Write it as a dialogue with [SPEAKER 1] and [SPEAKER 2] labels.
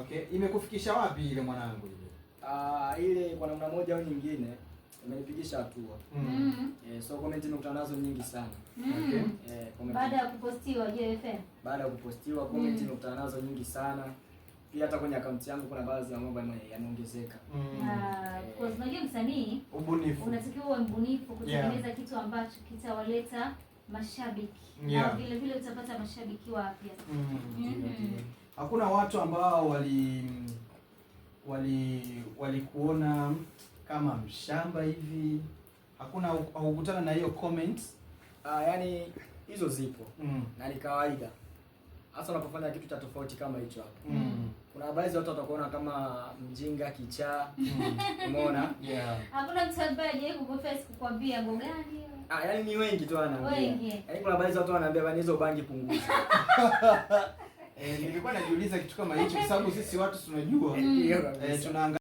[SPEAKER 1] Okay, imekufikisha wapi ile mwanangu ile?
[SPEAKER 2] Ah, ile kwa namna moja au nyingine imenipigisha hatua. Mm. mm. Eh, so comment nimekutana nazo nyingi sana. Mm Okay. Eh,
[SPEAKER 1] comment baada ya kupostiwa JFM.
[SPEAKER 2] Baada ya kupostiwa comment mm. nimekutana nazo nyingi sana. Pia hata kwenye akaunti yangu kuna baadhi ya mambo yanaongezeka.
[SPEAKER 1] Mm. Ah, kwa sababu msanii ubunifu. Unatakiwa uwe mbunifu kutengeneza yeah. kitu ambacho kitawaleta mashabiki. Yeah. Na vile vile utapata mashabiki wapya. Mm. -hmm. Mm. -hmm
[SPEAKER 2] hakuna watu ambao wali wali walikuona kama mshamba hivi, hakuna haukutana na hiyo comment? Ah, yani hizo zipo mm. na ni kawaida hasa unapofanya kitu cha tofauti kama hicho hapo mm. kuna baadhi ya watu watakuona kama mjinga, kichaa mm. umeona
[SPEAKER 1] yeah. hakuna mtu ambaye hajawahi kuconfess kukwambia ngo gani
[SPEAKER 2] Ah, yani ni wengi tu wanaambia. Yani kuna baadhi ya watu wanaambia bani hizo bangi punguza. Eh, nilikuwa najiuliza kitu kama hicho, kwa sababu sisi watu tunajua mm. eh, tunaanga